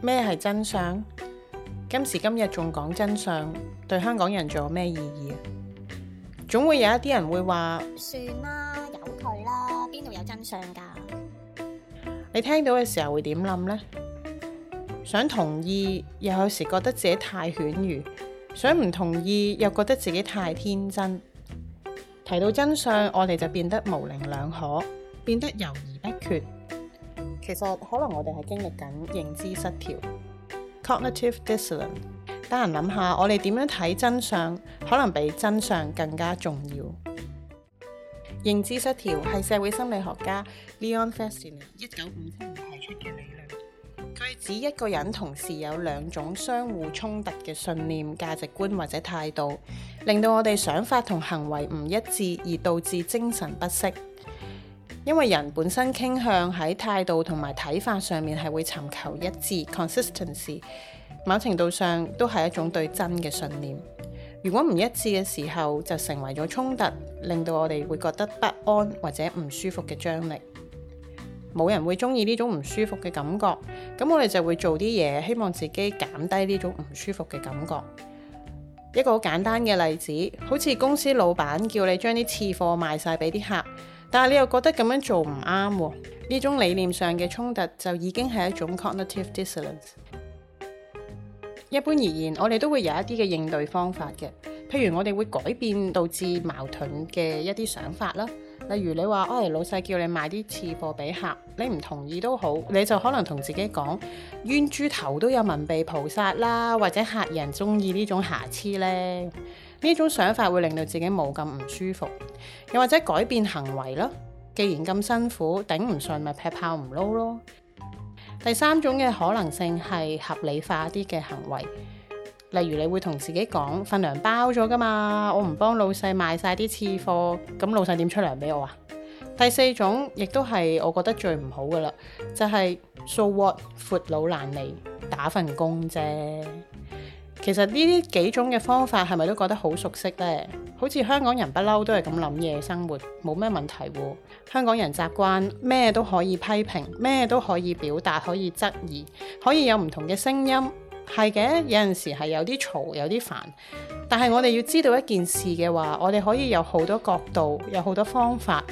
咩係真相？今時今日仲講真相，對香港人仲有咩意義啊？總會有一啲人會話：算啦，由佢啦，邊度有真相噶？你聽到嘅時候會點諗呢？想同意，又有時覺得自己太犬儒；想唔同意，又覺得自己太天真。提到真相，我哋就變得模棱兩可，變得猶豫不決。其實可能我哋係經歷緊認知失調 （cognitive d i s c i p l i n e 等人諗下，我哋點樣睇真相，可能比真相更加重要。認知失調係社會心理學家 Leon f e s t i n e r 一九五七年提出嘅理論。佢指一個人同時有兩種相互衝突嘅信念、價值觀或者態度，令到我哋想法同行為唔一致，而導致精神不適。因為人本身傾向喺態度同埋睇法上面係會尋求一致 consistency，某程度上都係一種對真嘅信念。如果唔一致嘅時候，就成為咗衝突，令到我哋會覺得不安或者唔舒服嘅張力。冇人會中意呢種唔舒服嘅感覺，咁我哋就會做啲嘢，希望自己減低呢種唔舒服嘅感覺。一個好簡單嘅例子，好似公司老闆叫你將啲次貨賣晒俾啲客。但你又覺得咁樣做唔啱喎，呢種理念上嘅衝突就已經係一種 cognitive dissonance。一般而言，我哋都會有一啲嘅應對方法嘅，譬如我哋會改變導致矛盾嘅一啲想法啦。例如你話，哎，老細叫你賣啲次貨俾客，你唔同意都好，你就可能同自己講：「冤豬頭都有文秘菩薩啦，或者客人中意呢種瑕疵呢。」呢種想法會令到自己冇咁唔舒服，又或者改變行為咯。既然咁辛苦，頂唔順咪劈炮唔撈咯。第三種嘅可能性係合理化啲嘅行為。例如，你會同自己講份糧包咗㗎嘛？我唔幫老細賣晒啲次貨，咁老細點出糧俾我啊？第四種亦都係我覺得最唔好㗎喇，就係、是、so what，闊佬懶理打份工啫。其實呢幾種嘅方法係咪都覺得好熟悉呢？好似香港人不嬲都係咁諗嘢，生活冇咩問題喎，啊。香港人習慣咩都可以批評，咩都可以表達，可以質疑，可以有唔同嘅聲音。係嘅，有陣時係有啲嘈，有啲煩。但係我哋要知道一件事嘅話，我哋可以有好多角度，有好多方法。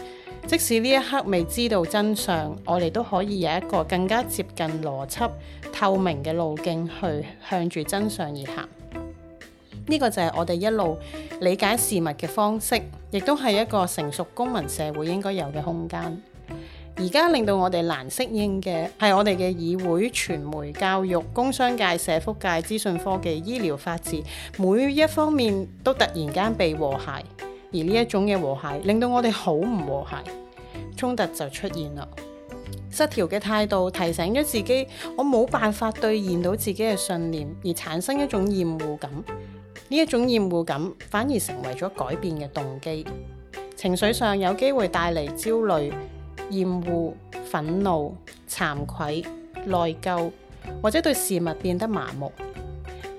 即使呢一刻未知道真相，我哋都可以有一個更加接近邏輯、透明嘅路徑去向住真相而行。呢個就係我哋一路理解事物嘅方式，亦都係一個成熟公民社會應該有嘅空間。而家令到我哋難適應嘅係我哋嘅議會、傳媒、教育、工商界、社福界、資訊科技、醫療、法治，每一方面都突然間被和諧。而呢一種嘅和諧令到我哋好唔和諧，衝突就出現啦。失調嘅態度提醒咗自己，我冇辦法兌現到自己嘅信念，而產生一種厭惡感。呢一種厭惡感反而成為咗改變嘅動機，情緒上有機會帶嚟焦慮。厭惡、憤怒、慚愧、內疚，或者對事物變得麻木。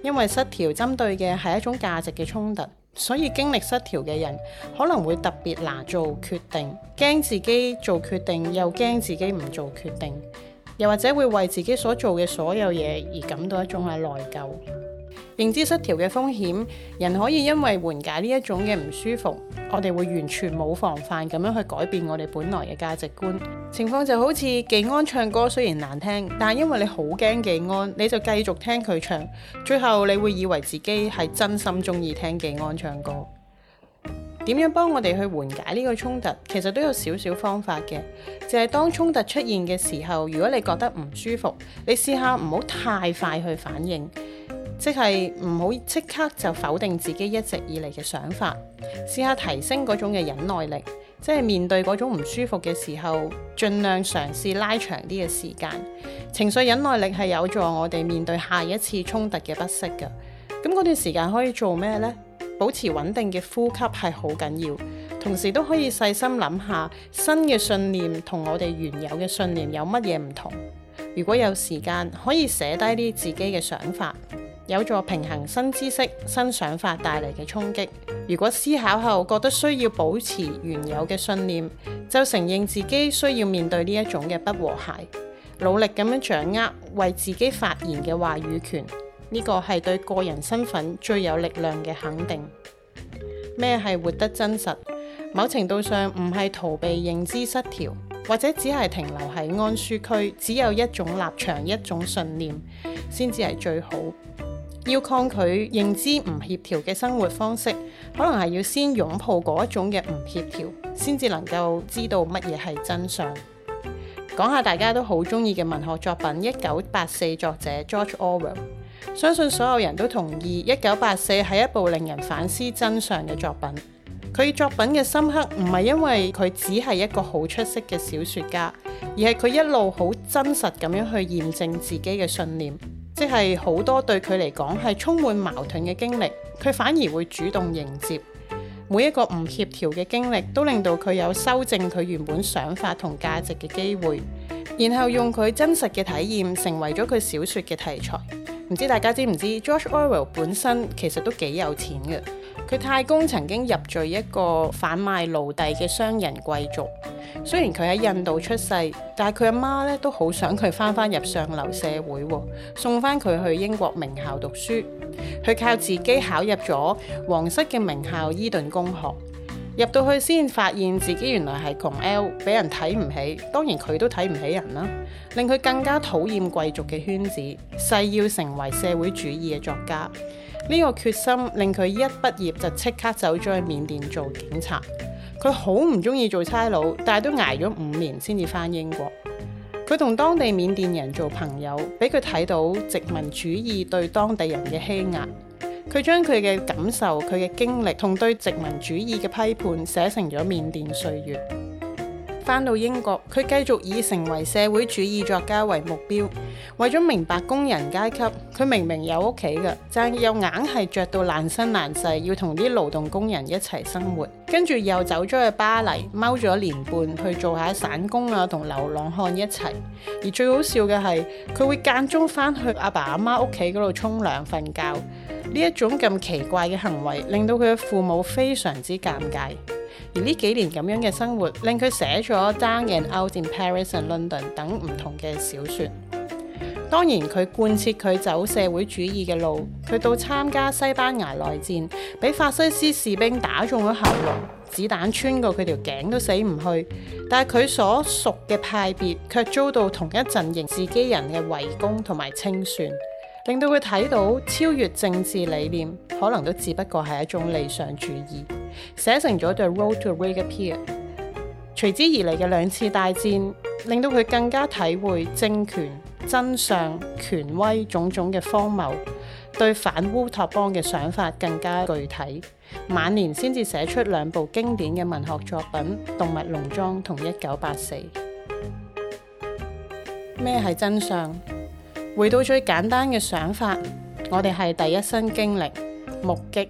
因為失調針對嘅係一種價值嘅衝突，所以經歷失調嘅人可能會特別難做決定，驚自己做決定，又驚自己唔做決定，又或者會為自己所做嘅所有嘢而感到一種係內疚。認知失調嘅風險，人可以因為緩解呢一種嘅唔舒服，我哋會完全冇防範咁樣去改變我哋本來嘅價值觀。情況就好似技安唱歌，雖然難聽，但係因為你好驚技安，你就繼續聽佢唱，最後你會以為自己係真心中意聽技安唱歌。點樣幫我哋去緩解呢個衝突？其實都有少少方法嘅，就係、是、當衝突出現嘅時候，如果你覺得唔舒服，你試下唔好太快去反應。即係唔好即刻就否定自己一直以嚟嘅想法，試下提升嗰種嘅忍耐力，即係面對嗰種唔舒服嘅時候，盡量嘗試拉長啲嘅時間。情緒忍耐力係有助我哋面對下一次衝突嘅不適嘅。咁嗰段時間可以做咩呢？保持穩定嘅呼吸係好緊要，同時都可以細心諗下新嘅信念同我哋原有嘅信念有乜嘢唔同。如果有時間，可以寫低啲自己嘅想法。有助平衡新知識、新想法帶嚟嘅衝擊。如果思考後覺得需要保持原有嘅信念，就承認自己需要面對呢一種嘅不和諧，努力咁樣掌握為自己發言嘅話語權。呢個係對個人身份最有力量嘅肯定。咩係活得真實？某程度上唔係逃避認知失調，或者只係停留喺安舒區，只有一種立場、一種信念，先至係最好。要抗拒認知唔協調嘅生活方式，可能係要先擁抱嗰一種嘅唔協調，先至能夠知道乜嘢係真相。講下大家都好中意嘅文學作品《一九八四》，作者 George Orwell。相信所有人都同意《一九八四》係一部令人反思真相嘅作品。佢作品嘅深刻唔係因為佢只係一個好出色嘅小説家，而係佢一路好真實咁樣去驗證自己嘅信念。即係好多對佢嚟講係充滿矛盾嘅經歷，佢反而會主動迎接每一個唔協調嘅經歷，都令到佢有修正佢原本想法同價值嘅機會，然後用佢真實嘅體驗成為咗佢小説嘅題材。唔知大家知唔知 George Orwell 本身其實都幾有錢嘅。佢太公曾經入贅一個販賣奴隸嘅商人貴族，雖然佢喺印度出世，但係佢阿媽咧都好想佢翻返入上流社會，送翻佢去英國名校讀書。佢靠自己考入咗皇室嘅名校伊頓公學，入到去先發現自己原來係窮 L，俾人睇唔起，當然佢都睇唔起人啦，令佢更加討厭貴族嘅圈子，誓要成為社會主義嘅作家。呢個決心令佢一畢業就即刻走咗去緬甸做警察。佢好唔中意做差佬，但係都挨咗五年先至翻英國。佢同當地緬甸人做朋友，俾佢睇到殖民主義對當地人嘅欺壓。佢將佢嘅感受、佢嘅經歷同對殖民主義嘅批判寫成咗《緬甸歲月》。翻到英國，佢繼續以成為社會主義作家為目標。為咗明白工人階級，佢明明有屋企嘅，但又硬係着到爛身爛世，要同啲勞動工人一齊生活。跟住又走咗去巴黎，踎咗年半去做下散工啊，同流浪漢一齊。而最好笑嘅係，佢會間中翻去阿爸阿媽屋企嗰度沖涼瞓覺。呢一種咁奇怪嘅行為，令到佢嘅父母非常之尷尬。而呢幾年咁樣嘅生活，令佢寫咗《Down and Out in Paris and London》等唔同嘅小説。當然，佢貫徹佢走社會主義嘅路，佢到參加西班牙內戰，俾法西斯士兵打中咗喉嚨，子彈穿過佢條頸都死唔去。但係佢所屬嘅派別，卻遭到同一陣營自己人嘅圍攻同埋清算，令到佢睇到超越政治理念，可能都只不過係一種理想主義。寫成咗對《The Road to Wigan Pier》。隨之而嚟嘅兩次大戰，令到佢更加體會政權、真相、權威種種嘅荒謬，對反烏托邦嘅想法更加具體。晚年先至寫出兩部經典嘅文學作品《動物農莊》同一九八四。咩係真相？回到最簡單嘅想法，我哋係第一身經歷目擊、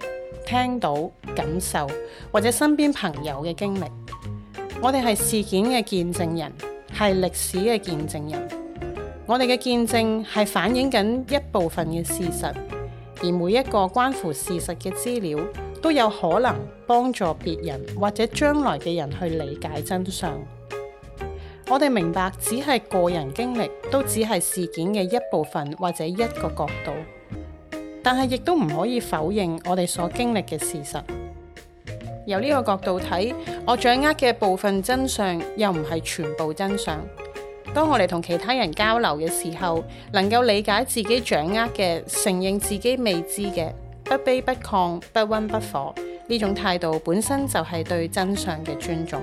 聽到、感受或者身邊朋友嘅經歷，我哋係事件嘅見證人，係歷史嘅見證人。我哋嘅見證係反映緊一部分嘅事實，而每一個關乎事實嘅資料都有可能幫助別人或者將來嘅人去理解真相。我哋明白，只係個人經歷都只係事件嘅一部分或者一個角度。但係亦都唔可以否認我哋所經歷嘅事實。由呢個角度睇，我掌握嘅部分真相又唔係全部真相。當我哋同其他人交流嘅時候，能夠理解自己掌握嘅，承認自己未知嘅，不卑不亢，不温不火，呢種態度本身就係對真相嘅尊重。